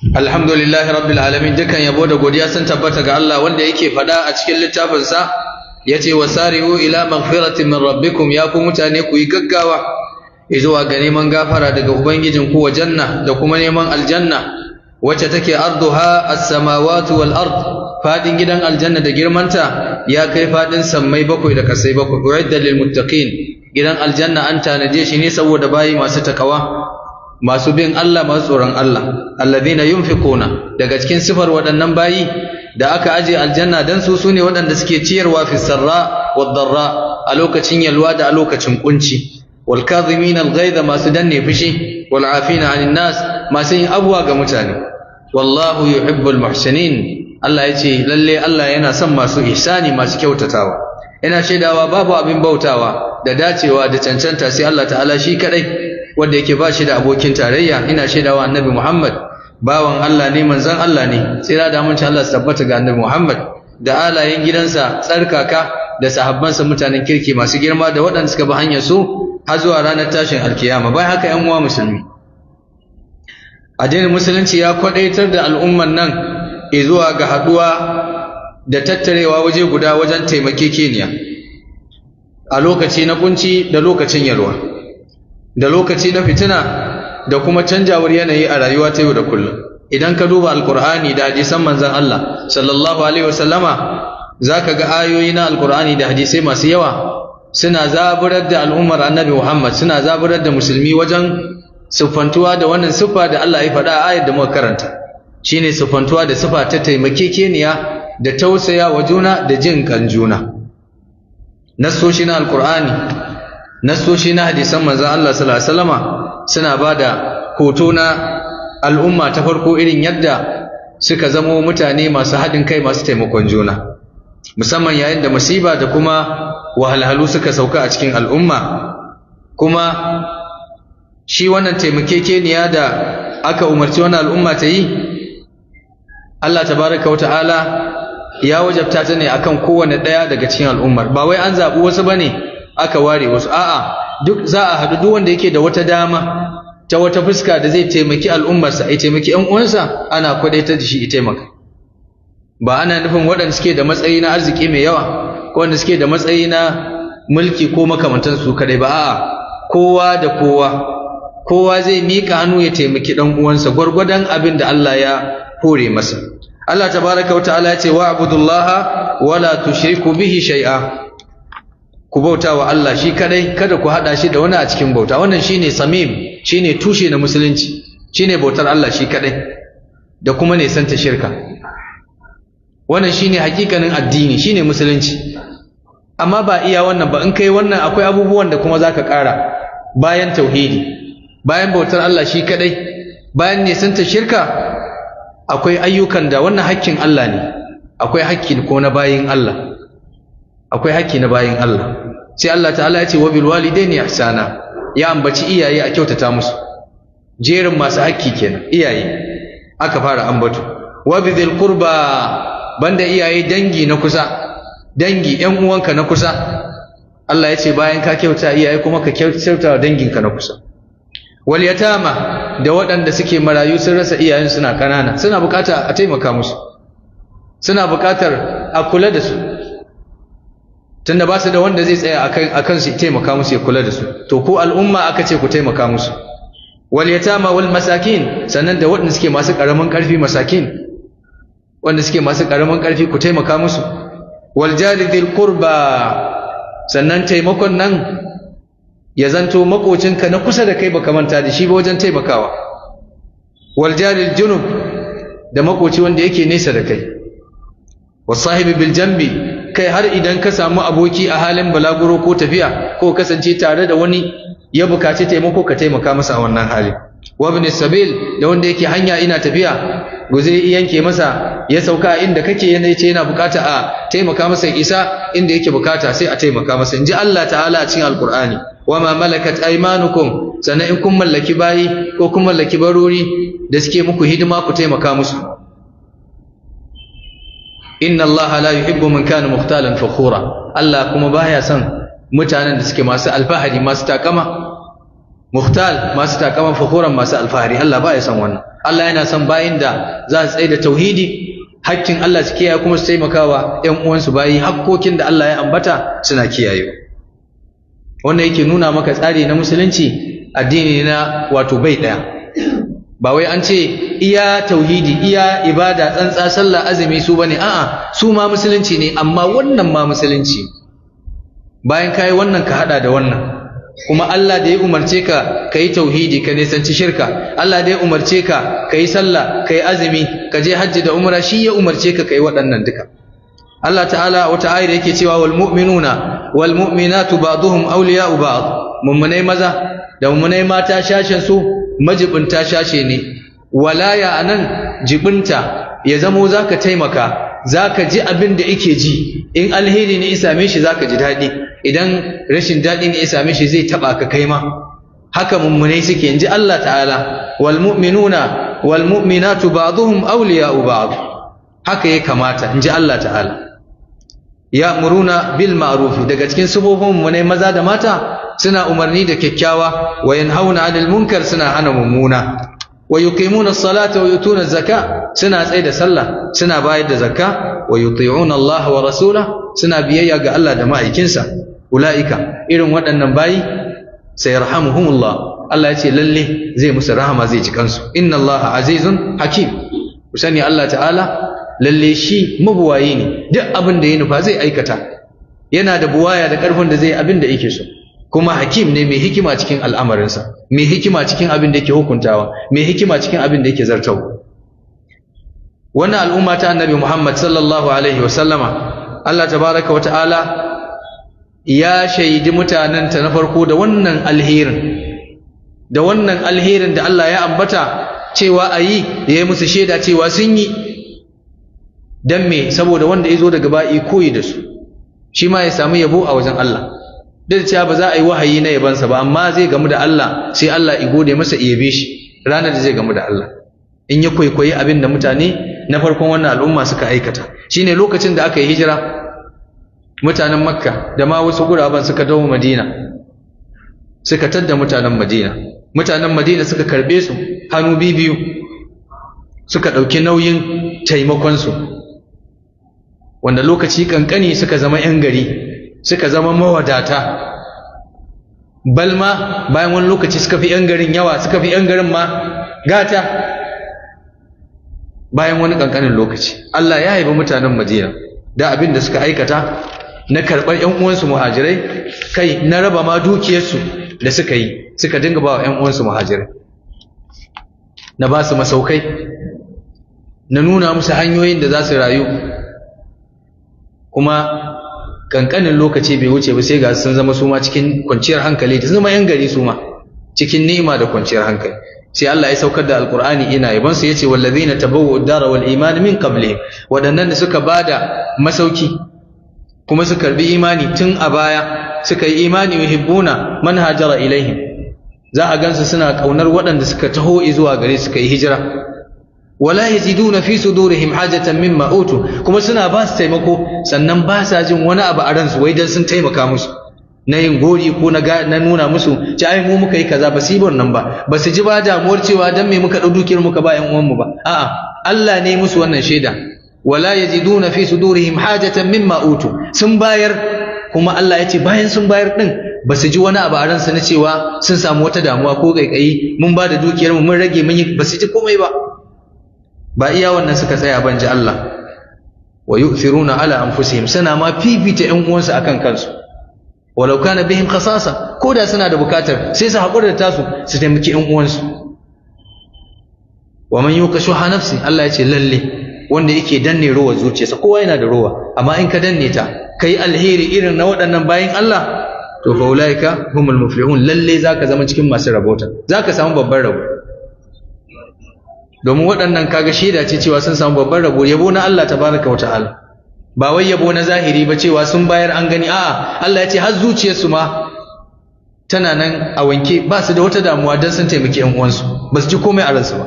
alhamdulillahi rabbil alamin dukkan yabo da godiya sun tabbata ga Allah wanda yake faɗa a cikin littafin sa yace wasari'u ila maghfiratin min rabbikum ya ku mutane ku yi gaggawa izuwa ga neman gafara daga ubangijin ku wa janna da kuma neman aljanna wacce take arduha as-samawati wal ard fadin gidan aljanna da girmanta ya kai fadin sammai bakwai da kasai bakwai uidda lil muttaqin gidan aljanna an tanaje shi ne saboda bayi masu takawa masu bin Allah masu tsoron Allah alladhina yunfiquna daga cikin sifar waɗannan bayi da aka aje aljanna dan su sune waɗanda suke ciyarwa fi sarra darra a lokacin yalwa da a lokacin kunci wal kadhimin al ghaidha masu danne fushi wal afina anin nas masu yin abuwa ga mutane wallahu yuhibbul muhsinin Allah ya ce lalle Allah yana son masu ihsani masu kyautatawa yana shaidawa babu abin bautawa da dacewa da cancanta sai Allah ta'ala shi kadai wanda yake ba shi da abokin tarayya ina shaidawa annabi Muhammad bawan Allah ne manzan Allah ne tsira da ci Allah su tabbata ga annabi Muhammad da alayen gidansa tsarkaka da sahabbansa mutanen kirki masu girma da waɗanda suka bi hanyar su har zuwa ranar tashin alkiyama bai haka 'yan uwa musulmi addinin musulunci ya kwadaitar da al'umman nan zuwa ga haɗuwa da tattarewa waje guda wajen taimakekeniya a lokaci na kunci da lokacin yalwa da lokaci na fitina da kuma canjawar yanayi a rayuwa ta yau da kullum idan ka duba alkur'ani da hadisan manzon Allah sallallahu alaihi wasallama zaka ga ayoyi na alkur'ani da hadisai masu yawa suna zaburar da al'ummar annabi Muhammad suna zaburar da musulmi wajen siffantuwa da wannan siffa da Allah ya faɗa a ayar da muka karanta shine siffantuwa da siffa ta keniya da tausaya wa juna da jin kan juna nasoshi na alkur'ani nasoshi na hadisan manzon Allah sallallahu alaihi wasallama suna bada hoto na al'umma ta farko irin yadda suka zamo mutane masu haɗin kai masu taimakon juna musamman yayin da musiba da kuma wahalhalu suka sauka a cikin al'umma kuma shi wannan taimakekeniya da aka umarci wannan al'umma ta yi Allah tabaraka wa ta'ala ya wajabta ta ne akan kowane ɗaya daga cikin al'ummar ba wai an zaɓi wasu ba ne aka ware wasu a'a duk za a haɗu duk wanda yake da wata dama ta wata fuska da zai taimaki al'ummarsa ya taimaki ƴan uwansa ana kwadaitar da shi ya taimaka ba ana nufin waɗanda suke da matsayi na arziki mai yawa ko wanda suke da matsayi na mulki ko makamantan su kadai ba a'a kowa da kowa kowa zai mika hannu ya taimaki ɗan uwansa gwargwadon abin da Allah ya hore masa Allah tabaraka wa ta'ala ya ce wa abudullaha wala tushriku bihi shay'a ku bauta wa Allah shi kadai kada ku hada shi da wani a cikin bauta wannan shine samim shine tushe na musulunci shine bautar Allah shi kadai da kuma ne santa shirka wannan shine hakikanin addini shine musulunci amma ba iya wannan ba in kai wannan akwai abubuwan da kuma zaka kara bayan tauhidi bayan bautar Allah shi kadai bayan ne santa shirka akwai ayyukan da wannan hakkin Allah ne akwai hakki ko na bayin Allah akwai haƙƙi na bayin Allah sai Allah ta'ala ya ce wa bil walidaini ihsana ya ambaci iyaye a kyautata musu jerin masu haƙƙi kenan iyaye aka fara ambato wa bil qurba banda iyaye dangi na kusa dangi ƴan uwanka na kusa Allah ya ce bayan ka kyauta iyaye kuma ka kyautata danginka na kusa wal yatama da waɗanda suke marayu sun rasa iyayen suna kanana suna buƙata a taimaka musu suna buƙatar a kula da su tunda ba su da wanda zai tsaya a kan su taimaka musu ya kula da su to ko al'umma aka ce ku taimaka musu wal yatama wal masakin sannan da waɗanda suke masu ƙaramin ƙarfi masakin wanda suke masu ƙaramin ƙarfi ku taimaka musu wal jalidil dhil qurba sannan taimakon nan ya zanto makocinka na kusa da kai baka manta da shi ba wajen taimakawa wal jalil junub da makoci wanda yake nesa da kai wa sahibi bil janbi kai har idan ka samu aboki a halin balaguro ko tafiya ko kasance tare da wani ya bukaci taimako ka taimaka masa a wannan hali wa sabil da wanda yake hanya ina tafiya guze yanke masa ya sauka inda kake yana ce yana bukata a taimaka masa isa inda yake bukata sai a taimaka masa In ji Allah ta'ala a cikin alqur'ani ma malakat aymanukum sannan in kun mallaki bayi ko kun mallaki barori da suke muku hidima ku taimaka musu inna allaha la yuhibbu man kana mukhtalan fakhura Allah kuma baya son mutanen da suke masu alfahari masu takama mukhtal masu takama fakhuran masu alfahari Allah baya son wannan Allah yana son bayin da za su tsaye da tauhidi hakkin Allah su kiyaye kuma su taimakawa ƴan uwansu bayi hakkokin da Allah ya ambata suna kiyaye wannan yake nuna maka tsari na musulunci addini na wato bai daya ba wai an ce iya tauhidi iya ibada tsantsa sallah azumi su bane a'a su ma musulunci ne amma wannan ma musulunci bayan kai wannan ka hada da wannan kuma Allah da ya umarce ka ka yi tauhidi ka nisanci shirka Allah da ya umarce ka ka yi sallah ka yi azumi ka je hajji da umra shi ya umarce ka ka yi waɗannan duka Allah ta'ala wata ayar yake cewa wal mu'minuna wal mu'minatu ba'dhum awliya'u ba'd mummunai maza da mummunai mata shashin su majibinta shashe ne walaya anan jibinta ya zamo zaka taimaka zaka ji abin da yake ji in alheri ne ya same shi zaka ji daɗi idan rashin daɗi ne ya same shi zai taɓa ka kai ma haka mummunai suke in ji Allah ta'ala wal mu'minuna wal mu'minatu ba'dhum awliya'u ba'd haka ya kamata in Allah ta'ala ya'muruna bil marufi daga cikin sifofin mu ne maza da mata suna umarni da kyakkyawa wa yanhauna 'anil munkar suna hana mummuna wa yuqimuna as-salata wa yutuna az-zaka suna tsaye da sallah suna bayar da zakka wa yuti'una Allah wa rasula suna biyayya ga Allah da ma'aikinsa ulaika irin waɗannan bayi sayarhamuhumullah Allah ya ce lalle zai musu rahama zai ji kansu inna Allah azizun hakim ku sani Allah ta'ala lalle shi mabuwayi ne duk abin da ya nufa zai aikata yana da buwaya da ƙarfin da zai abin da yake so kuma hakim ne mai hikima cikin al'amarinsa mai hikima cikin abin da yake hukuntawa mai hikima cikin abin da yake zartau wannan al'umma ta annabi Muhammad sallallahu alaihi wasallama Allah tabaraka wa ta'ala ya shaidi mutanenta na farko da wannan alherin da wannan alherin da Allah ya ambata cewa ayi ya yi musu shaida cewa sun yi dan me saboda wanda ya zo daga ba'i koyi da su shi ma ya samu yabo a wajen Allah duk cewa ba za a yi wahayi na yabansa ba amma zai gamu da Allah sai Allah ya gode masa iya yabe shi ranar da zai gamu da Allah in ya kwaikwayi abin da mutane na farkon wannan al'umma suka aikata shine lokacin da aka yi hijira mutanen makka da ma wasu guraben suka dawo madina suka tadda mutanen madina mutanen madina suka karbe su hannu bibiyu suka ɗauki nauyin taimakon su. wanda lokaci kankani suka zama 'yan gari suka zama mawadata balma bayan wani lokaci suka fi 'yan garin yawa suka fi 'yan garin ma gata bayan wani kankanin lokaci Allah ya haifi mutanen Madina da abin da suka aikata na karɓar 'yan uwansu muhajirai kai na raba ma dukiyarsu da suka yi suka dinga ba wa 'yan uwansu muhajirai na ba su masaukai na nuna musu hanyoyin da za su rayu kuma kankanin lokaci bai wuce ba sai ga sun zama suma cikin kwanciyar hankali da zama yan gari ma cikin ni'ima da kwanciyar hankali sai Allah ya saukar da alqur'ani ina yaban su yace wallazina tabawwa'u ad-dara wal iman min qablihim wadannan da suka bada masauki kuma su karbi imani tun a baya suka yi imani yuhibbuna man hajara ilaihim za a gansu suna kaunar waɗanda suka taho zuwa gare suka yi hijira wala yaziduna fi sudurihim hajatan mimma utu kuma suna ba su taimako sannan ba sa jin wani abu a ransu wai dan sun taimaka musu na yin gori ko na nuna musu ci ai mu muka yi kaza ba su nan ba ba su ji ba damuwar cewa dan me muka ɗau dukiyar muka ba ƴan mu ba a'a Allah ne musu wannan shaida wala yaziduna fi sudurihim hajatan mimma utu sun bayar kuma Allah ya ce bayan sun bayar din ba su ji wani abu a ransa na cewa sun samu wata damuwa ko kaikayi mun ba da dukiyar mu mun rage mun yi ba su ji komai ba ba iya wannan suka tsaya ban ji Allah wa yu'thiruna ala anfusihim suna ma fifita 'yan uwansu akan kansu walau kana bihim khasasa ko da suna da bukatar sai su haƙura da tasu su taimaki 'yan uwansu wa man yuqa shuha nafsi Allah ya ce lalle wanda yake danne ruwa zuciyarsa kowa yana da ruwa amma in ka danne ta kai alheri irin na waɗannan bayin Allah to fa ulaika humul muflihun lalle zaka zama cikin masu rabota zaka samu babban rabo domin waɗannan kaga shaida ce cewa sun samu babban rabo yabo na Allah tabaraka wa ta'ala ba wai yabo na zahiri ba cewa sun bayar an gani a'a Allah ya ce har zuciyarsu ma tana nan a wanke ba su da wata damuwa don sun taimaki yan uwansu ba su ji komai a ransu ba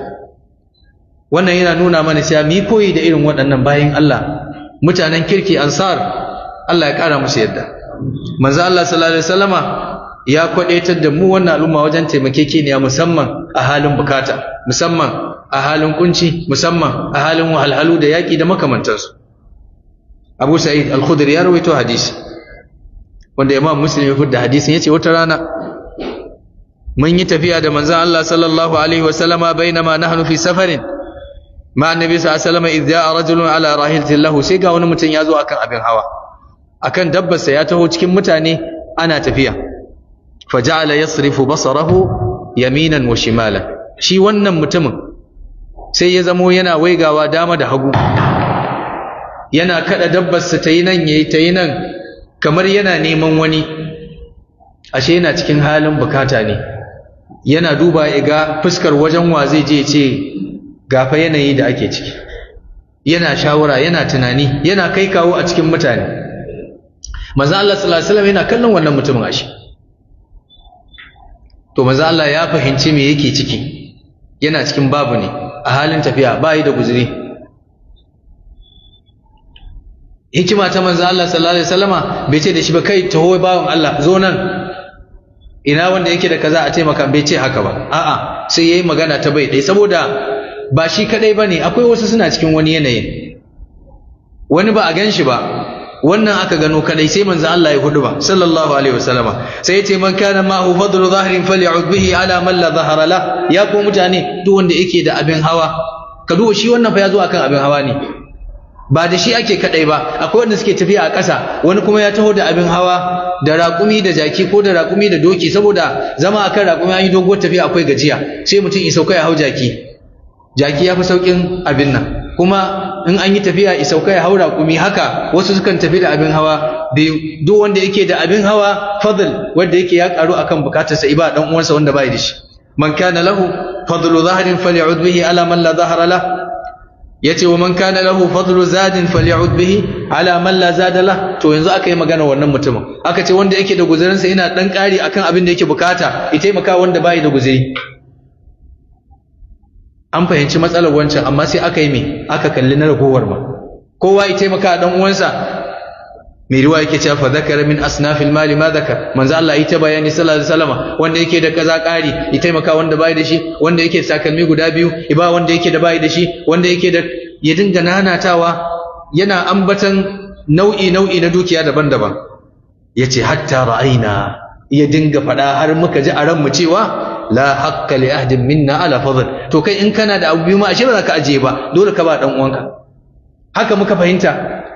wannan yana nuna mana cewa mu koyi da irin waɗannan bayan Allah mutanen kirki ansar Allah ya ƙara musu yadda manzo Allah sallallahu alaihi wasallama ya kwadaitar da mu wannan al'umma wajen taimakekeniya musamman a halin bukata musamman a halin kunci musamman a halin wahalhalu da yaƙi da makamantansu abu sa'id al-khudri ya rawaito hadisi wanda imam muslim ya fudda hadisin yace wata rana mun yi tafiya da manzon Allah sallallahu alaihi wasallama ma nahnu fi safarin ma annabi sallallahu alaihi wasallam idza rajulun ala rahilatin lahu sai ga wani mutum ya zo akan abin hawa akan dabbarsa ya taho cikin mutane ana tafiya faja'ala yasrifu basarahu yaminan wa shimala shi wannan mutumin sai ya zamo yana waigawa dama da hagu yana kada dabbar ta tayi nan yayi tayi nan kamar yana neman wani ashe yana cikin halin bukata ne yana duba ya ga fuskar wajen wa zai je ce gafa yanayi da ake ciki yana shawara yana tunani yana kai kawo a cikin mutane manzo Allah sallallahu alaihi wasallam yana kallon wannan mutumin ashe to maza Allah ya fahimci me yake ciki yana cikin babu ne a halin tafiya ba yi da guzuri hikima ta manzo Allah sallallahu alaihi wasallama bai ce da shi ba kai taho bawon Allah zo nan ina wanda yake da kaza a taimaka bai ce haka ba a'a sai yayi magana ta bai dai saboda ba shi kadai bane akwai wasu suna cikin wani yanayi wani ba a gan shi ba wannan aka gano kadai sai manzo Allah ya hudu ba sallallahu alaihi wasallama sai yace man kana hu fadlu zahirin faly'ud bihi ala man la zahara la ya ko mutane duk wanda yake da abin hawa ka duba shi wannan fa ya zo akan abin hawa ne ba da shi ake kadai ba akwai wanda suke tafiya a ƙasa wani kuma ya taho da abin hawa da raƙumi da jaki ko da raƙumi da doki saboda zama akan raƙumi an yi doguwar tafiya akwai gajiya sai mutum ya sauka ya hau jaki jaki ya fi sauƙin abin nan kuma in an yi tafiya isauka ya haura kumi haka wasu sukan tafi da abin hawa biyu duk wanda yake da abin hawa fadl wanda yake ya karu akan bukatarsa iba dan uwansa wanda bai da shi man kana lahu fadlu dhahrin faly'ud bihi ala man la zahara la yace wa man kana lahu fadlu zadin faly'ud bihi ala man la zada la to yanzu aka yi magana wannan mutumin aka ce wanda yake da guzurinsa ina dan kari akan abin da yake bukata ya taimaka wanda bai da guzuri an fahimci matsalar wancan amma sai aka yi me aka kalli na ragowar ma kowa ya taimaka a uwansa mai riwa yake cewa fa zakara min asnafil mali ma zakar manzo Allah yi ta bayani sallallahu alaihi wasallama wanda yake da kaza kari ya taimaka wanda bai da shi wanda yake sakalmi guda biyu ba wanda yake da bai da shi wanda yake da ya dinga nanatawa yana ambatan nau'i nau'i na dukiya daban-daban yace hatta ra'aina ya dinga faɗa har muka ji a ranmu cewa la haqqa li ahdin minna ala fadl to kai in kana da abu biyu ma ashe ba za ka ajiye ba dole ka ba dan uwanka haka muka fahimta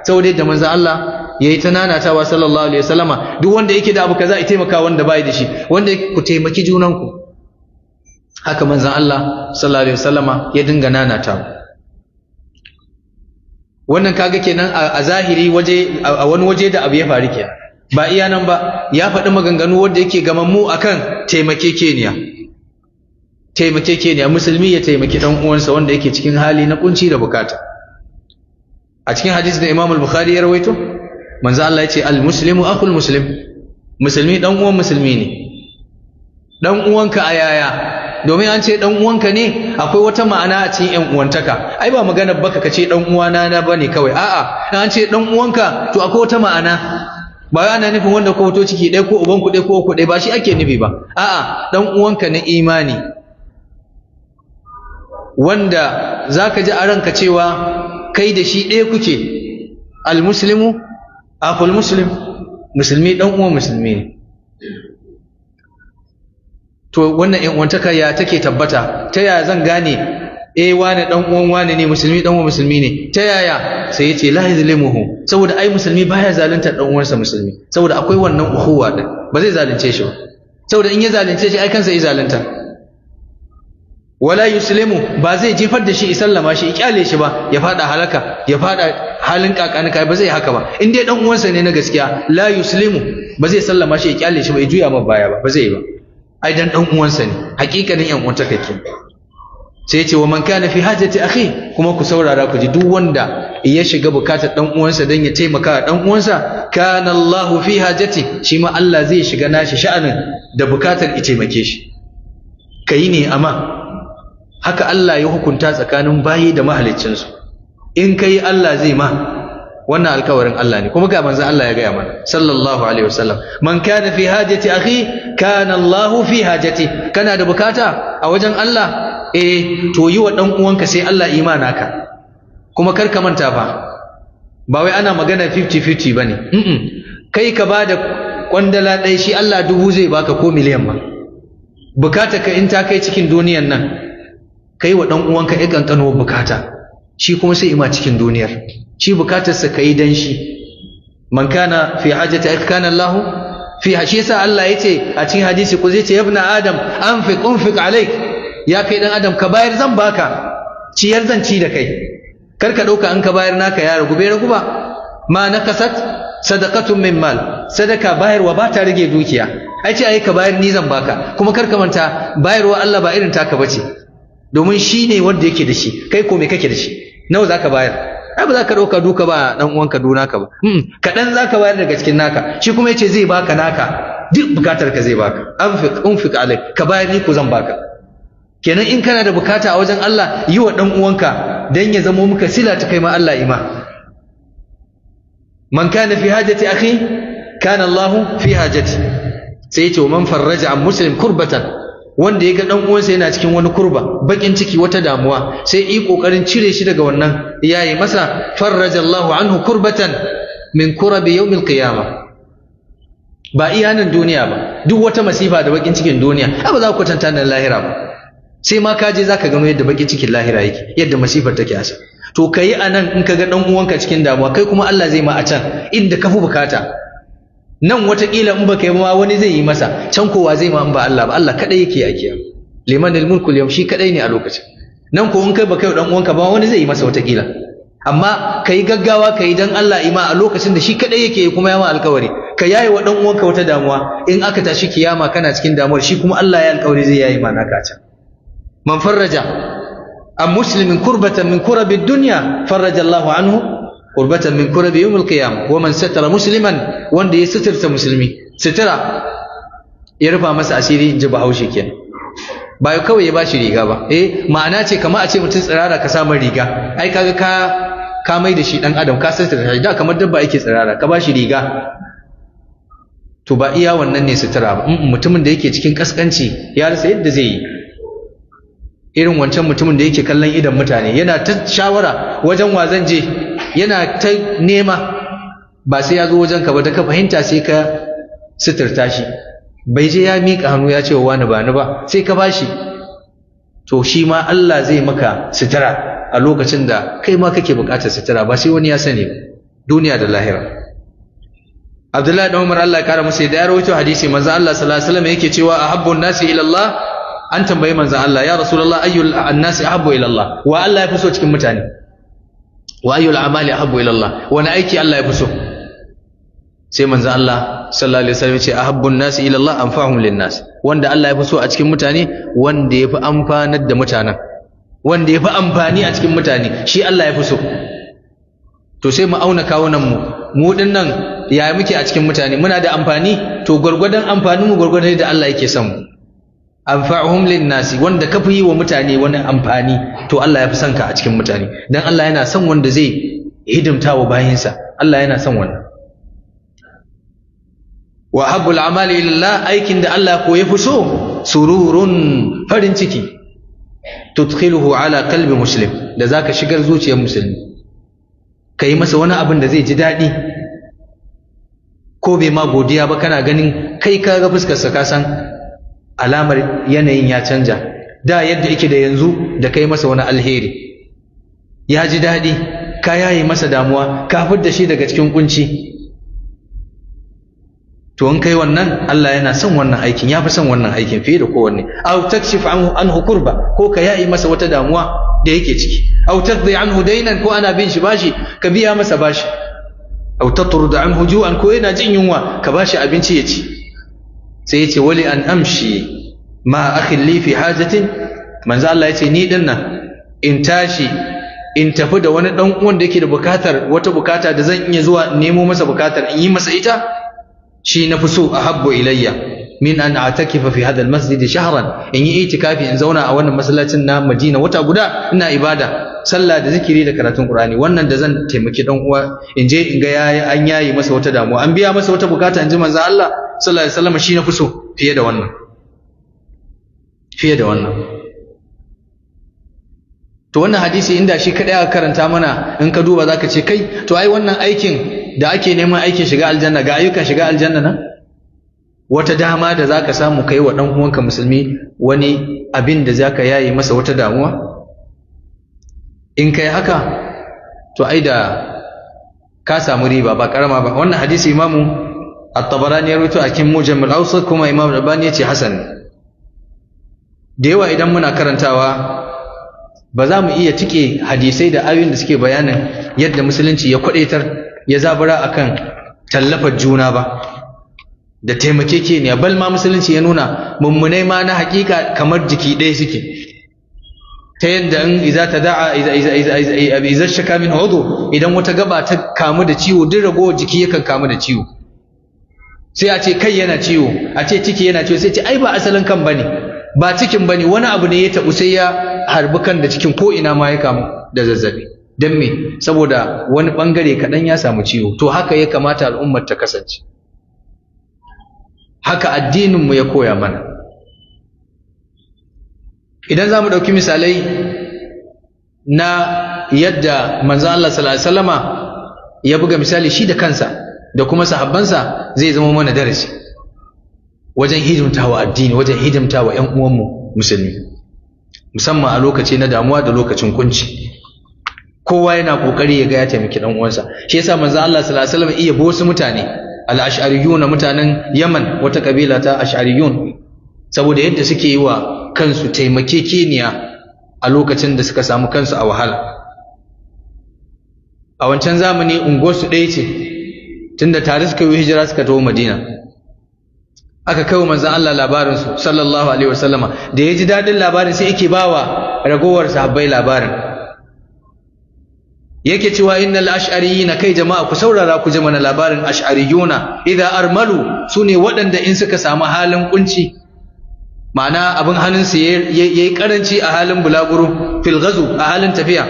saboda da manzo Allah yayi ta wa sallallahu alaihi wasallama duk wanda yake da abu kaza ya taimaka wanda bai da shi wanda ku taimaki junan ku. haka manzon Allah sallallahu alaihi wasallama ya dinga nanatawa wannan kaga kenan a zahiri waje a wani waje da abu ya faru kenan ba iya nan ba ya faɗi maganganu wanda yake gamammu akan taimake keniya. taimakekeniya musulmi ya taimaki dan uwansa wanda yake cikin hali na kunci da bukata a cikin hadisi da Imam al-Bukhari ya rawaito manzo Allah ya ce al-muslimu akhul muslim musulmi dan uwan musulmi ne dan uwanka a yaya domin an ce dan uwanka ne akwai wata ma'ana a cikin yan uwantaka ai ba magana baka kace dan uwana na bane kawai a'a an ce dan uwanka to akwai wata ma'ana ba ana nufin wanda ko fito ciki ɗaya ko uban ku ɗaya ko ku ɗaya ba shi ake nufi ba a'a dan uwanka na imani wanda za ka ji a ranka cewa kai da shi ɗaya kuke almuslimu akul muslim musulmi ɗan uwan musulmi ne to wannan ƴan uwantaka ya take tabbata ta yaya zan gane eh wane ɗan uwan wane ne musulmi ɗan uwan musulmi ne ta yaya sai yace la yuzlimuhu saboda ai musulmi baya zalunta ɗan uwansa musulmi saboda akwai wannan uhuwa din ba zai zalunce shi ba saboda in ya zalunce shi ai kansa ya zalunta wala yuslimu ba zai jefar da shi ya sallama shi ya kyale shi ba ya fada halaka ya fada halin kakanka ba zai haka ba in dai dan uwansa ne na gaskiya la yuslimu ba zai sallama shi ya kyale shi ba ya juya ma baya ba ba zai ba ai dan dan uwansa ne hakikanin yan uwanta kake sai yace wa man kana fi hajati akhi kuma ku saurara ku ji duk wanda ya shiga bukatar dan uwansa dan ya taimaka dan uwansa kana Allahu fi hajati shi ma Allah zai shiga nashi sha'anin da bukatar ya taimake shi kai ne amma haka Allah ya hukunta tsakanin bayi da mahaliccinsu in kai Allah zai ma wannan alkawarin Allah ne kuma ga manzo Allah ya gaya mana sallallahu alaihi wasallam man kana fi hajati akhi kana Allah fi hajati kana da bukata a wajen Allah eh to yi wa dan uwanka sai Allah imana ka kuma kar ka manta ba. ba wai ana magana 50-50 bane mm kai ka bada kwandala ɗaya shi Allah dubu zai baka ko miliyan ma Bukata ka in ta kai cikin duniyan nan kai wa ɗan uwanka ya ƙanƙanuwar bukata shi kuma sai ima cikin duniyar shi bukatarsa ka yi dan shi man kana fi hajjata ta kana Allah fi shi sa Allah ya ce a cikin hadisi ku zai ce yabna adam anfiq unfiq alaik ya kai dan adam ka bayar zan baka ciyar zan ci da kai kar ka ɗauka an ka bayar naka ya ragu bai ragu ba ma nakasat sadaqatun min mal sadaka bayarwa ba ta rage dukiya ai ce ai ka bayar ni zan baka kuma kar ka manta bayarwa Allah ba irin taka bace domin shi ne wanda yake da shi kai ko me kake da shi nawa za ka bayar ai ba za ka ɗauka duka ba dan uwanka duna ka ba hmm, kaɗan za ka bayar daga cikin naka shi kuma yace zai baka naka duk bukatar ka zai baka anfiq unfiq alai ka bayar ni ko zan baka kenan in kana da bukata a wajen Allah yi wa dan uwanka dan ya zamo muka sila ta kai ma Allah ima man kana fi hajati akhi kana Allah fi hajati sai yace man farraja an muslim kurbatan wanda ya ga dan uwansa yana cikin wani kurba bakin ciki wata damuwa sai yi kokarin cire shi daga wannan yayi masa farrajallahu anhu kurbatan min kurabi yawmil qiyama ba iya nan duniya ba duk wata masifa da bakin cikin duniya a ba za ku kwatanta nan lahira ba sai ma ka je za ka gano yadda bakin cikin lahira yake yadda masifar take a to ka yi a nan in ka ga ɗan uwanka cikin damuwa kai kuma Allah zai ma a can inda ka fi bukata nan watakila in baka yi ma wani zai yi masa can kowa zai ma in ba Allah ba Allah kadai yake a liman al-mulku shi kadai ne a lokacin nan ko in kai baka yi dan uwanka ba wani zai yi masa watakila amma kai gaggawa kai dan Allah ima a lokacin da shi kadai yake kuma ya ma alkawari ka yayi wa dan uwanka wata damuwa in aka tashi kiyama kana cikin damuwar shi kuma Allah ya alkawari zai yayi ma naka can man farraja an muslimin kurbatan min kurabi dunya farraja Allahu anhu qurbatan min kurabi yawm al-qiyam wa man satara musliman wanda ya suturta musulmi sutura ya rufa masa asiri in ji bahaushe kenan ba kawai ya bashi riga ba eh ma'ana ce kamar a ce mutum tsirara ka samu riga ai kaga ka ka mai da shi dan adam ka sutura shi da kamar dabba yake tsirara ka bashi riga to ba iya wannan ne sutura ba mutumin da yake cikin kaskanci ya rasa yadda zai yi irin wancan mutumin da yake kallon idan mutane yana ta shawara wajen wa zan je yana ta nema ba sai ya zo wajen ka ba da ka fahimta sai ka suturta shi bai je ya mika hannu ya ce wa wani ba ni ba sai ka bashi to shi ma Allah zai maka sutura a lokacin da kai ma kake buƙatar sutura ba sai wani ya sani duniya da lahira Abdullahi dan Umar Allah ya kara masa da ya rawaito hadisi manzo Allah sallallahu alaihi wasallam yake cewa ahabbun nasi ila Allah an tambayi manzo Allah ya Rasulullah ayyul annasi ahabbu ila Allah wa Allah ya fi so cikin mutane wa ayyul amali ahabbu ila Allah wani aiki Allah ya fi so sai manzo Allah sallallahu alaihi wasallam ya ce ahabbun nasi ila Allah anfa'uhum nas wanda Allah ya fi so a cikin mutane wanda ya fi amfanar da mutanen wanda ya fi amfani a cikin mutane shi Allah ya fi so to sai mu auna kawunan mu mu din nan yaya muke a cikin mutane muna da amfani to gwargwadon amfanin mu gwargwadon da Allah yake son mu anfa'uhum linnasi wanda ka fi yi wa mutane wani amfani to Allah ya fi son ka a cikin mutane dan Allah yana son wanda zai hidimta wa bayinsa Allah yana son wannan wa habbul amali lillah aikin da Allah ko ya fi so sururun farin ciki tudkhiluhu ala qalbi muslim da zaka shigar zuciyar musulmi kai masa wani abin da zai ji daɗi ko bai ma godiya ba kana ganin kai ka ga fuskar sa ka san alamar yanayin ya canja da yadda yake da yanzu da kai masa wani alheri ya ji daɗi ka yayi masa damuwa ka da shi daga cikin kunci to in kai wannan Allah yana son wannan aikin ya fi son wannan aikin fiye da kowanne aw takshif anhu anhu kurba ko ka yayi masa wata damuwa da yake ciki aw tadhi anhu daynan ko ana bin shi bashi ka biya masa bashi aw tatrud anhu ju'an ko yana jin yunwa ka bashi abinci ya ci sai yace wali an amshi ma akhin li fi hajatin manzo Allah yace ni din nan in tashi in tafi da wani dan uwan da yake da bukatar wata bukata da zan iya zuwa nemo masa bukatar in yi masa ita shi na fi so ahabbu ilayya min an atakifa fi hadha masjid shahran in yi itikafi in zauna a wannan masallacin na Madina wata guda ina ibada sallah da zikiri da karatun qur'ani wannan da zan taimaki dan uwa in je in ga yayi an yayi masa wata damuwa an biya masa wata bukata in ji manzo Allah sallallahu alaihi wasallam shi na fuso fiye da wannan fiye da wannan to wannan hadisi inda shi kadai aka karanta mana in ka duba zaka ce kai to ai wannan aikin da ake neman aikin shiga aljanna ga ayyukan shiga aljanna nan wata dama da zaka samu kai wa dan uwanka musulmi wani abin da zaka yayi masa wata damuwa in kai haka to ai da ka samu riba ba karama ba wannan hadisi imamu at-tabarani ya rawaito a cikin mujam al-awsat kuma imam al-albani ya ce hasan da yawa idan muna karantawa ba za mu iya tike hadisai da ayoyin da suke bayanin yadda musulunci ya kwadaitar ya zabura akan tallafar juna ba da taimakekeniya bal ma musulunci ya nuna mummunai ma na hakika kamar jiki ɗaya suke ta yadda in iza ta da'a iza shaka min hudu idan wata gaba ta kamu da ciwo duk ragowar jiki yakan kamu da ciwo sai a ce kai yana ciwo a ce ciki yana ciwo sai ce ai ba asalin kan bane ba cikin bane wani abu ne ya tabu sai ya harbi kan da cikin ko ina ma ya kamu da zazzabi dan me saboda wani bangare kaɗan ya samu ciwo to haka ya kamata al'ummar ta kasance haka addinin mu ya koya mana idan za mu ɗauki misalai na yadda manzan Allah sallallahu alaihi ya buga misali shi da kansa da kuma sahabbansa zai zama mana darasi wajen hidimtawa addini wajen hidimtawa ƴan uwanmu musulmi musamman a lokaci na damuwa da lokacin kunci kowa yana kokari ya ga ya taimaki ɗan uwansa shi yasa manzon Allah sallallahu alaihi iya bo wasu mutane al-ash'ariyun mutanen Yaman wata kabila ta ash'ariyun saboda yadda suke yi wa kansu taimakekeniya a lokacin da suka samu kansu a wahala a wancan zamani unguwarsu ɗaya ce tunda tare suka yi hijira suka taho madina aka kawo manzan Allah labarinsu sallallahu alaihi wasallama da ya ji daɗin labarin sai yake wa ragowar sahabbai labarin yake cewa innal na kai jama'a ku saurara ku ji mana labarin ash'ariyuna idza armalu sune waɗanda in suka samu halin kunci ma'ana abin hannunsu ya yi karanci a halin bulaguro filgazu a halin tafiya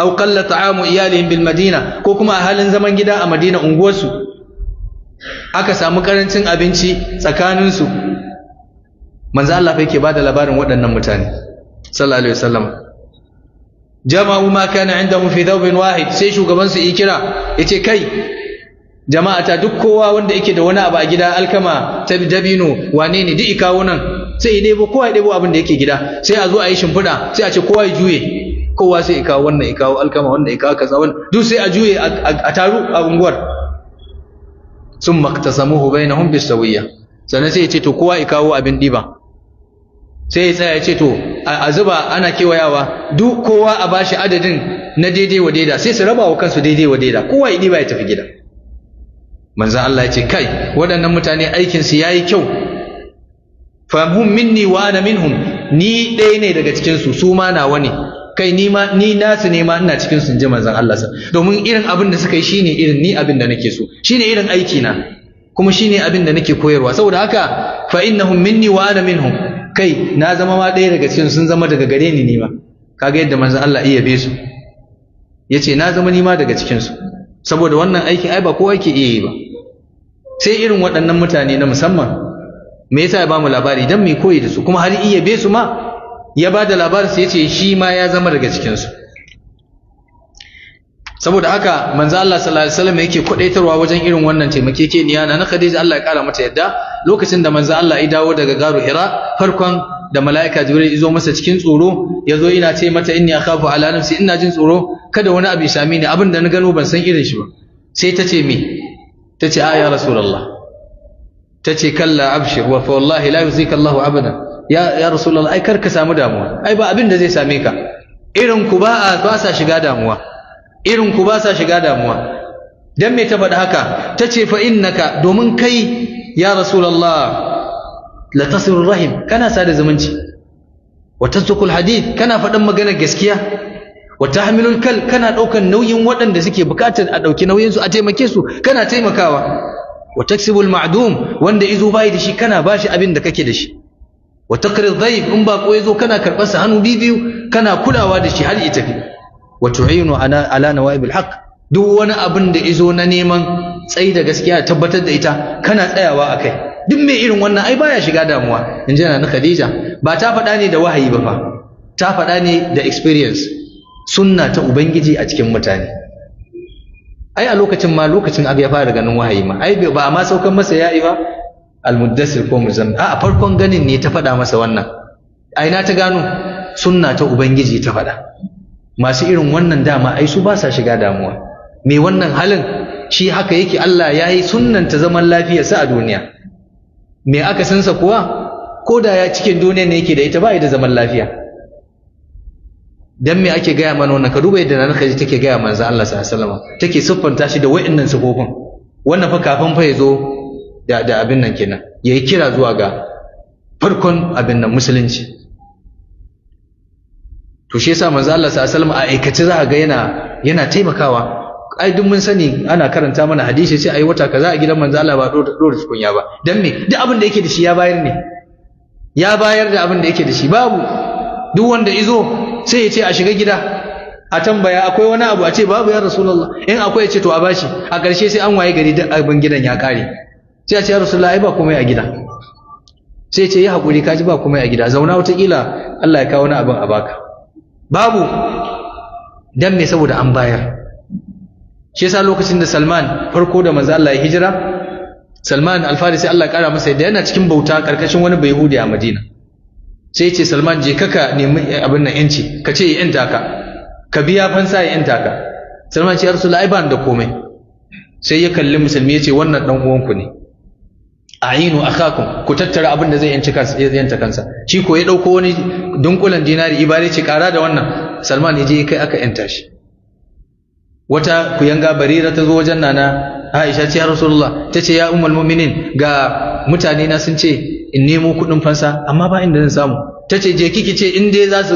au ta'amu iyalin bil madina ko kuma a halin zaman gida a madina unguwarsu aka samu karancin abinci tsakaninsu manzo Allah fa yake bada labarin waɗannan mutane sallallahu alaihi wasallam jama'u ma kana indahum fi thawbin wahid sai shugaban su ikira yace kai jama'a ta duk kowa wanda yake da wani abu a gida alkama ta dabino wane ne duk kawo nan sai ya ɗebo kowa ya ɗebo abin da yake gida sai a zo a yi shimfiɗa sai a ce kowa ya juye kowa sai ya kawo wannan ya kawo alkama wannan ya kawo kaza wannan duk sai a juye a taru a unguwar sun maktasamuhu bainahum bisawiyya sannan sai ya ce to kowa ya kawo abin diba sai ya tsaya ya ce to a zuba ana kewayawa duk kowa a bashi adadin na daidai wa daida sai su raba wa kansu daidai wa daida kowa ya diba ya tafi gida manzan Allah ya ce kai waɗannan mutane aikinsu ya yi kyau fahimhum minni wa ana minhum ni ɗaya ne daga cikinsu su ma nawa ne kai ni ma ni nasu ne ma ina cikin sun ji manzan Allah sa domin irin abin da suka yi shine irin ni abin da nake so shine irin aiki na kuma shine abin da nake koyarwa saboda haka fa innahum minni wa ana minhum kai na zama ma ɗaya daga cikin sun zama daga gare ni ne ma kaga yadda manzan Allah iya be su yace na zama ni ma daga cikin su saboda wannan aikin ai ba kowa yake iya yi ba sai irin waɗannan mutane na musamman me yasa ya bamu labari dan mai koyi da su kuma har iya be su ma ya ba da labarin sai ya ce shi ma ya zama daga cikin su saboda haka manzo Allah sallallahu alaihi wasallam yake kudaitarwa wajen irin wannan taimakekeniya na na Khadija Allah ya kara mata yadda lokacin da manzo Allah ya dawo daga garu Hira farkon da mala'ika Jibril ya zo masa cikin tsoro ya zo yana ce mata inni akhafu ala nafsi ina jin tsoro kada wani abu ya same ni abin da na gano ban san irin shi ba sai ta ce me ta ce a ya rasulallah ta ce kalla abshir wa wallahi la yuzika Allahu abada ya ya rasulullah ai kar ka samu damuwa ai ba abin da zai same ka irin ku ba a ba sa shiga damuwa irin ku ba sa shiga damuwa dan me ta faɗi haka ta ce fa innaka domin kai ya rasulullah la tasirur rahim kana sada zumunci wa tasdukul hadith kana faɗan maganar gaskiya wa tahmilul kal kana daukan nauyin waɗanda suke bukatar a dauki nauyin su a taimake su kana taimakawa wa taksibul ma'dum wanda izo bai da shi kana bashi abin da kake da shi wa taqrid dhayf in ba ko yazo kana karɓar sa hannu bibiyu kana kulawa da shi har ya tafi wa tu'inu ala ala nawaibil haqq duk wani abin da izo na neman tsayi da gaskiya tabbatar da ita kana tsayawa akai duk mai irin wannan ai baya shiga damuwa in ji na Khadija ba ta faɗa ne da wahayi ba fa ta faɗa ne da experience sunna ta ubangiji a cikin mutane ai a lokacin ma lokacin abu ya fara ganin wahayi ma ai ba ma saukan masa ya'i ba almuddasir ko muzam. a farkon ganin ne ta faɗa masa wannan ai na ta gano sunna ta ubangiji ta faɗa masu irin wannan dama ai su ba sa shiga damuwa me wannan halin shi haka yake Allah ya yi ta zaman lafiya sa a duniya me aka sansa kuwa ko da ya cikin duniya ne yake da ita ba da zaman lafiya dan me ake gaya mana wannan ka duba yadda nan kaji take gaya manzo Allah sallallahu alaihi wasallam take siffanta shi da wayannan sifofin wannan fa kafin fa yazo da da abin nan kenan yayi kira zuwa ga farkon abin nan musulunci to shi yasa manzo Allah sallallahu alaihi wasallam a aikace za ga yana yana taimakawa ai duk mun sani ana karanta mana hadisi sai ai wata kaza a gidan manzo Allah ba dora ya ba dan me duk abin da yake da shi ya bayar ne ya bayar da abin da yake da shi babu duk wanda izo sai ya ce a shiga gida a tambaya akwai wani abu a ce babu ya rasulullah in akwai ya ce to a bashi a ƙarshe sai an waye gari da abin gidan ya kare sai a ce ya rasulullah ai ba komai a gida sai ya ce yi haƙuri ka ji ba komai a gida zauna wataƙila Allah ya kawo wani abin a baka babu dan me saboda an bayar shi yasa lokacin da Salman farko da manzo Allah ya hijira Salman al-Farisi Allah ya kara masa yadda yana cikin bauta karkashin wani bayhudi a Madina sai ce salman je kaka nemi eh, abin nan yanci ka ce yi yanta ka ka biya fansa ya yanta ka salman ce arsula ai ban da komai sai ya kalli musulmi ya ce wannan dan uwanku ne ainu akhakum ku tattara abin da zai yanci kansa ya yanta kansa shi ko ya dauko wani dunkulan dinari ibare ce kara da wannan salman ya je kai aka yanta shi wata ku yanga barira ta zo wajen nana Aisha ce ya Rasulullah ta ce ya ummul mu'minin ga mutane na sun ce in nemo kuɗin fansa amma ba inda zan samu ta ce je kiki ce in dai za su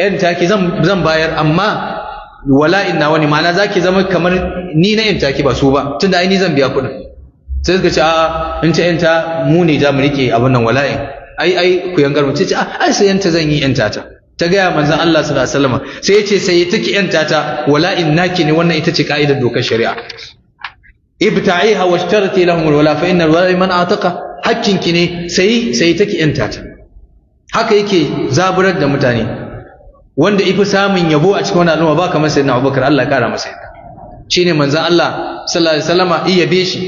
yan taki zan bayar amma wala inna wani ma'ana za ki zama kamar ni na yan taki ba su ba tunda da ni zan biya kuɗin sai suka ce a in ta yanta mu ne za mu rike abin nan wala'in ai ai ku yangar mutum ce a sai yanta zan yi yanta ta ta gaya manzan Allah sallallahu alaihi wasallam sai ya ce sai yan yanta ta wala'in naki ne wannan ita ce ka'idar dokar shari'a ibta'iha washtarati lahum alwala fa innal wala man ataqa hakkinki ne sai sai take yanta ta haka yake zaburar da mutane wanda ifi samun yabo a cikin wannan al'umma ba kamar sayyidina Abubakar Allah ya kara masa yadda shine manzon Allah sallallahu alaihi iya be shi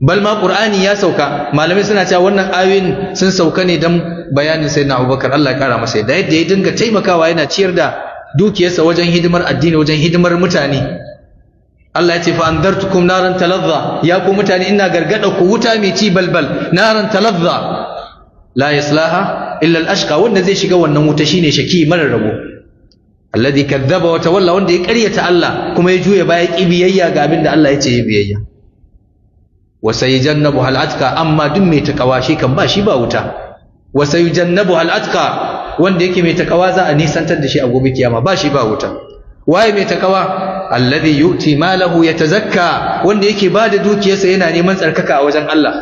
bal ma ya sauka malamai suna cewa wannan ayoyin sun sauka ne dan bayanin sayyidina Abubakar Allah ya kara masa yadda yadda ya dinga taimakawa yana ciyar da dukiyarsa wajen hidimar addini wajen hidimar mutane Allah ya ce fa andartukum naran talazza ya ku mutane ina gargada ku wuta mai ci balbal naran talazza la yaslaha illa al-ashqa wanda zai shiga wannan wuta shine shaki marar rabo alladhi kadhaba wa tawalla wanda ya karyata Allah kuma ya juya baya ki biyayya ga abin da Allah ya ce ya biyayya wa sayajannabu al atqa amma duk mai takawa shi kan ba shi ba wuta wa sayajannabu al atqa wanda yake mai takawa za a nisantar da shi a gobe kiyama ba shi ba wuta waye mai takawa alladhi yu'ti malahu yatazakka wanda yake bada dukiyarsa yana neman tsarkaka a wajen Allah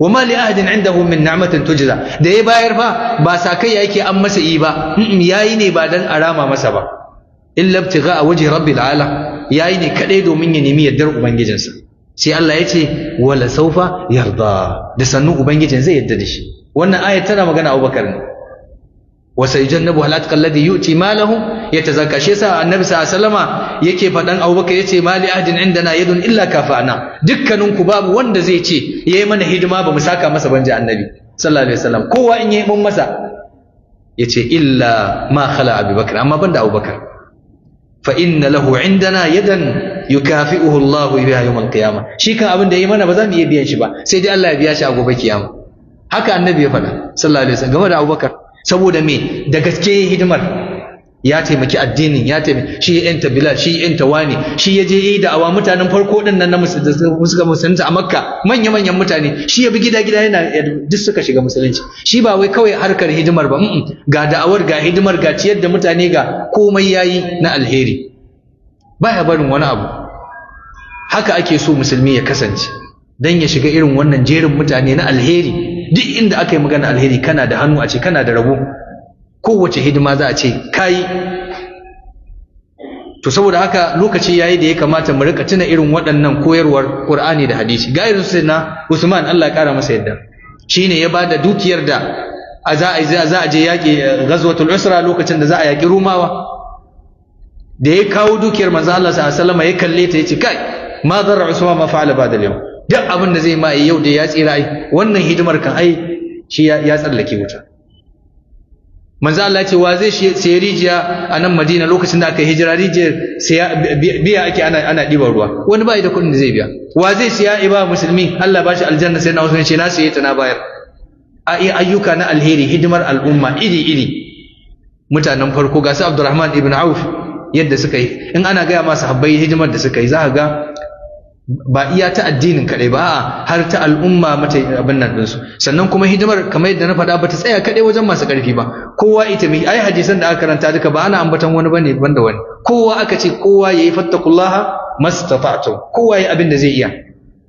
wa ma li ahadin indahu min ni'matin tujza da ya bayar fa ba sakai yake an masa yi ba yayi ne ba dan arama masa ba illa ibtigha wajhi rabbil ala yayi ne kadai domin ya nemi yardar ubangijinsa sai Allah ya ce wala saufa yarda da sannu ubangijin zai yarda da shi wannan ayat tana magana Abubakar ne Wasu wa sayujannabu hal atqal ladhi yuti malahu yatazakka shi yasa annabi sallama yake faɗan abubakar yace mali ahdin na yadun illa kafa'na dukkanin ku babu wanda zai ce ya yi mana hidima ba mu saka masa banje annabi sallallahu alaihi wasallam kowa in yi mun masa yace illa ma khala abubakar amma da abubakar fa inna lahu indana yadan yukafi'uhu Allahu biha yawmal qiyamah shi kan abin da yi mana ba za mu iya biyan shi ba sai dai Allah ya biya shi a gobe kiyama haka annabi ya faɗa sallallahu alaihi wasallam game da Abubakar saboda me da gaske hidimar ya taimaki addinin ya taimaki shi ya yanta bilal shi ya yanta wani shi ya je yi da'awa mutanen farko din nan na suka musulunta a makka manya manyan mutane shi ya bi gida gida yana duk suka shiga musulunci shi ba wai kawai harkar hidimar ba ga da'awar ga hidimar ga ciyar da mutane ga komai yayi na alheri Ba ya barin wani abu haka ake so musulmi ya kasance dan ya shiga irin wannan jerin mutane na alheri duk inda aka yi magana alheri kana da hannu a ce kana da rabo kowace hidima za a ce kayi to saboda haka lokaci yayi da ya kamata mu rika tuna irin waɗannan koyarwar Qur'ani da hadisi ga irin na Usman Allah ya kara masa yadda shine ya bada dukiyar da a za a za a je yaƙi eh, ghazwatul usra lokacin da za a yaƙi rumawa da ya kawo dukiyar manzo Allah sallallahu alaihi wasallam ya kalle ta yace kai ma zarra Usman ma fa'ala ba da yau duk abin da zai ma yau da ya tsira ai wannan hidimar ka ai shi ya tsallake wuta manzo Allah ce wa zai sai rijiya a nan Madina lokacin da aka hijira rijiyar biya ake ana ana diba ruwa wani bai da kuɗin da zai biya wa zai siya iba musulmi Allah bashi aljanna sai na wasu ce na siye ta na bayar a ayyuka na alheri hidimar al'umma iri iri mutanen farko ga su Abdurrahman ibn Auf yadda suka yi in ana gaya masu habbai hidimar da suka yi za ga ba iya ta addinin kaɗai ba har ta al'umma mata abin nan ɗinsu sannan kuma hidimar kamar yadda na faɗa ba ta tsaya kaɗai wajen masu ƙarfi ba kowa ita mai ai hadisan da aka karanta duka ba ana ambatan wani bane banda wani kowa aka ce kowa yayi fattakullaha mastata'tu kowa yayi abin da zai iya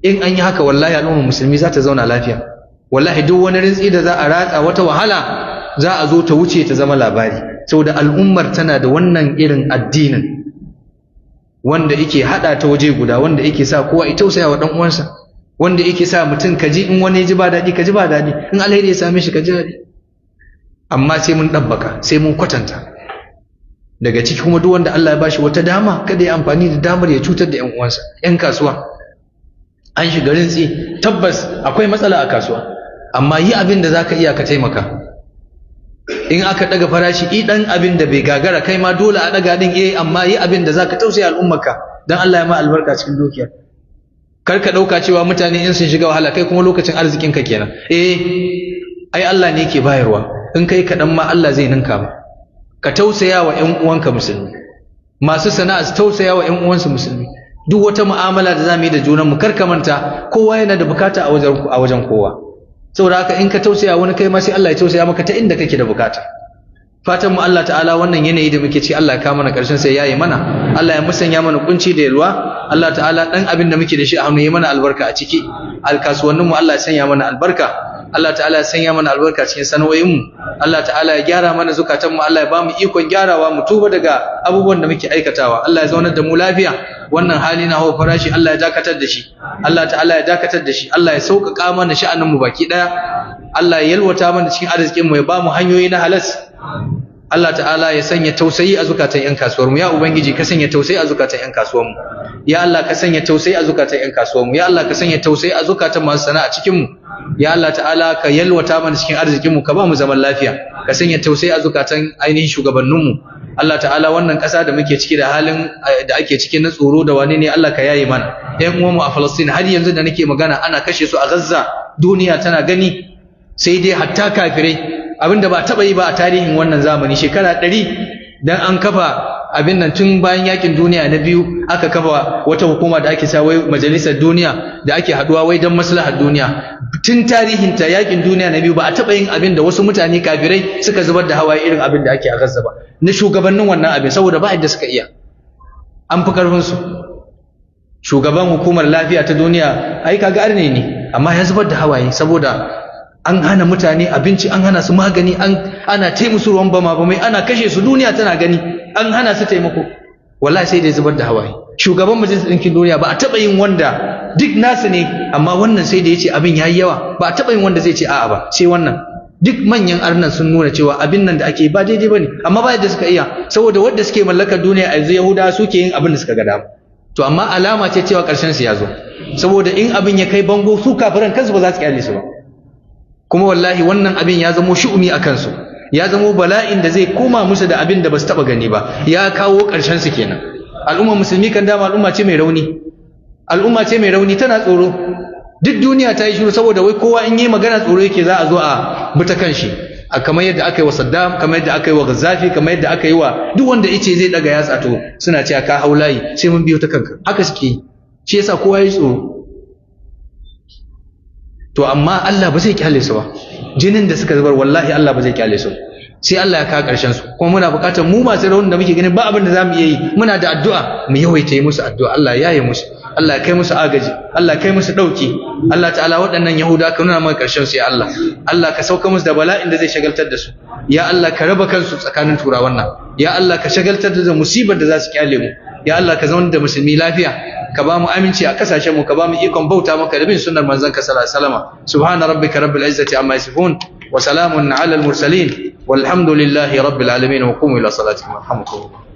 in an yi haka wallahi al'ummar musulmi za ta zauna lafiya wallahi duk wani rintsi da za a ratsa wata wahala za a zo ta wuce ta zama labari saboda al'ummar tana da wannan irin addinin wanda yake hada ta waje guda wanda yake sa kowa ya tausaya wa dan uwansa wanda yake sa mutum ka ji in wani ji ba daɗi ka ji ba daɗi in alheri ya same shi ka ji daɗi amma sai mun ɗabbaka sai mun kwatanta daga ciki kuma duk wanda Allah ya bashi wata dama kada ya amfani da damar ya cutar da 'yan uwansa 'yan kasuwa an shiga rintsi tabbas akwai matsala a kasuwa amma yi abin da zaka iya ka taimaka in aka daga farashi i dan abin da bai gagara kai ma dole a daga din eh amma yi abin da zaka tausaya al'ummarka dan Allah ya ma albarka cikin dukiya. kar ka dauka cewa mutane in sun shiga wahala kai kuma lokacin arzikin ka kenan eh ai Allah ne yake bayarwa in kai kaɗan ma Allah zai ninka ma ka tausaya wa ƴan uwanka musulmi masu sana'a su tausaya wa ƴan uwansu musulmi duk wata mu'amala da zamu yi da junanmu kar ka manta kowa yana da bukata a wajen kowa saboda haka in ka tausaya wani kai ma sai Allah ya tausaya maka ta inda kake da bukata fatan mu Allah ta'ala wannan yanayi da muke ci Allah ya kama na karshen sai yayi mana Allah ya musanya mana kunci da yalwa Allah ta'ala dan abin da muke da shi a hannu ya mana albarka a ciki alkasuwannin mu Allah ya sanya mana albarka Allah ta'ala ya sanya mana albarka cikin sanoyinmu Allah ta'ala ya gyara mana zukatanmu Allah ya ba mu ikon gyarawa mu tuba daga abubuwan da muke aikatawa Allah ya zaunar da mu lafiya wannan hali na hawa farashi Allah ya dakatar da shi Allah ta'ala ya dakatar da shi Allah ya sauƙaƙa mana mu baki ɗaya Allah ya yalwata mana cikin arzikin mu ya ba mu hanyoyi na halas Allah ta'ala ya sanya tausayi a zukatan ƴan kasuwarmu ya ubangiji ka sanya tausayi a zukatan ƴan kasuwarmu ya Allah ka sanya tausayi a zukatan ƴan kasuwarmu ya Allah ka sanya tausayi a zukatan masu sana'a cikin mu ya Allah ta'ala ka yalwata mana cikin arzikin mu ka ba mu zaman lafiya ka sanya tausayi a zukatan ainihin shugabannin mu Allah ta'ala wannan ƙasa da muke ciki da halin da ake ciki na tsoro da wani ne Allah ka yaye mana ƴan uwanmu a Falastin har yanzu da nake magana ana kashe su a Gaza duniya tana gani sai dai hatta kafirai abinda ba taɓa yi ba a tarihin wannan zamani shekara ɗari dan an kafa abin nan tun bayan yakin duniya na biyu aka kafa wata hukuma da ake sa wai majalisar duniya da ake haduwa wai dan maslahar duniya tun tarihin ta yakin duniya na biyu ba a taba yin abin da wasu mutane kafirai suka zubar da hawaye irin abin da ake a Gaza ba na shugabannin wannan abin saboda ba yadda suka iya an fi karfin su shugaban hukumar lafiya ta duniya ai kaga arne ne amma ya zubar da hawaye saboda an hana mutane abinci an hana su magani an ana taimu su ruwan bama mai ana kashe su duniya tana gani an hana su taimako wallahi sai dai zubar da hawaye shugaban majalisar ɗinkin duniya ba a taɓa yin wanda duk nasu ne amma wannan sai da ya ce abin ya yi yawa ba a taɓa yin wanda zai ce a'a ba sai wannan duk manyan arnan sun nuna cewa abin nan da ake ba daidai ne. amma ba yadda suka iya saboda wanda suke mallakar duniya a yanzu yahuda suke yin abin da suka gada dama to amma alama ce cewa karshen su ya zo saboda in abin ya kai bango su kafiran kansu ba za su kyale su ba kuma wallahi wannan abin ya zamo shu'umi a kansu ya zamo bala'in da zai koma musu da abin da ba su taɓa gani ba ya kawo ƙarshen su kenan al'umma musulmi kan dama al'umma ce mai rauni al'umma ce mai rauni tana tsoro duk duniya ta yi shiru saboda wai kowa in yi magana tsoro yake za a zo a bi ta kan shi kamar yadda aka yi wa Saddam kamar yadda aka yi wa gazafi kamar yadda aka yi wa duk wanda yace zai daga yatsa to suna cewa ka haulayi sai mun biyo ta kanka haka suke shi yasa kowa ya tsoro to amma Allah ba zai kyale su ba jinin da suka zubar wallahi Allah ba zai kyale su sai Allah ya kawo ƙarshen su kuma muna buƙatar mu masu raunin da muke ganin ba abin da za mu iya yi muna da addu'a mu yawaita yi musu addu'a Allah ya yi musu Allah ya kai musu agaji Allah ya kai musu ɗauki Allah ta'ala waɗannan Yahuda ka nuna mana ƙarshen su ya Allah Allah ka sauka musu da bala'in da zai shagaltar da su ya Allah ka raba kansu tsakanin turawan nan ya Allah ka shagaltar da musibar da za su kyale mu ya Allah ka zama da musulmi lafiya ka ba mu aminci a kasashen mu ka ba mu ikon bauta maka da bin sunnar manzon ka sallallahu alaihi wasallam subhana rabbika rabbil izzati amma yasifun wa salamun ala al mursalin walhamdulillahi rabbil alamin wa qumu ila salatikum alhamdulillah